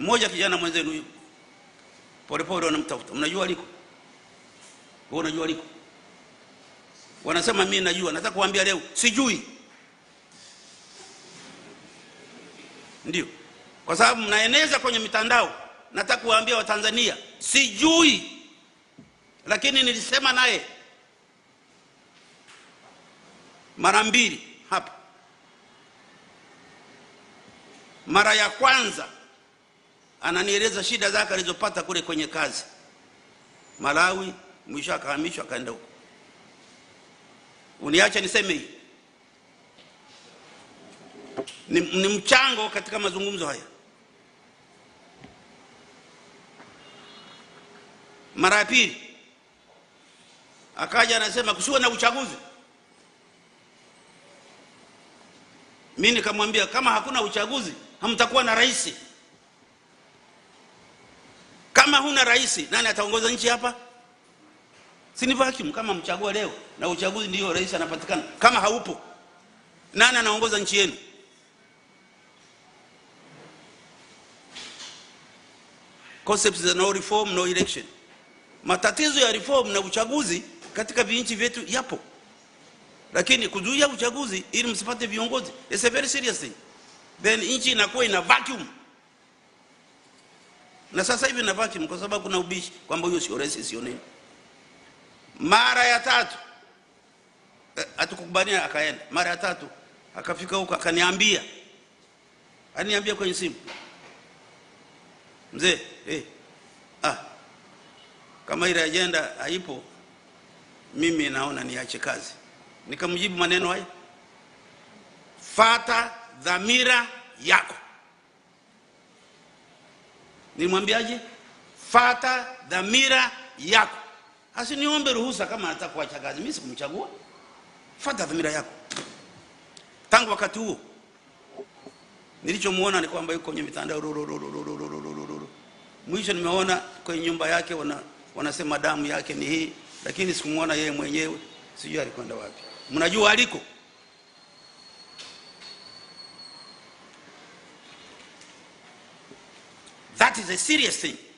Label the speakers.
Speaker 1: mmoja kijana mwenzenu huyo polepole wanamtafuta, mnajua aliko? Wewe unajua aliko? Wanasema mimi najua. Nataka kuambia leo sijui, ndio kwa sababu mnaeneza kwenye mitandao. Nataka kuwaambia Watanzania sijui, lakini nilisema naye mara mbili hapa. Mara ya kwanza ananieleza shida zake alizopata kule kwenye kazi Malawi, mwisho akahamishwa akaenda huko. Uniache niseme hii ni, ni mchango katika mazungumzo haya. Mara ya pili akaja anasema kusiwe na uchaguzi. Mimi nikamwambia kama hakuna uchaguzi hamtakuwa na rais kama huna rais, nani ataongoza nchi hapa? Si ni vacuum kama mchagua leo na uchaguzi ndio rais anapatikana. Kama haupo, nani anaongoza nchi yenu? Concepts za no reform no election. Matatizo ya reform na uchaguzi katika vinchi vyetu yapo, lakini kuzuia uchaguzi ili msipate viongozi is a very serious thing, then nchi inakuwa ina vacuum na sasa hivi na vacuum, kwa sababu kuna ubishi kwamba huyo sio rais, sio nini. Mara ya tatu eh, hatukukubaliana, akaenda mara ya tatu, akafika huko akaniambia, aniambia kwenye simu, mzee eh, ah, kama ile ajenda haipo, mimi naona niache kazi. Nikamjibu maneno haya, fata dhamira yako nilimwambiaje? Fata dhamira yako, asiniombe ruhusa kama atakuacha kazi. Mimi sikumchagua, fata dhamira yako. Tangu wakati huo nilichomuona ni kwamba yuko kwenye mitandao, mwisho nimeona kwenye nyumba yake wana, wanasema damu yake ni hii, lakini sikumuona yeye mwenyewe, sijui alikwenda wapi. Mnajua aliko? That is a serious thing.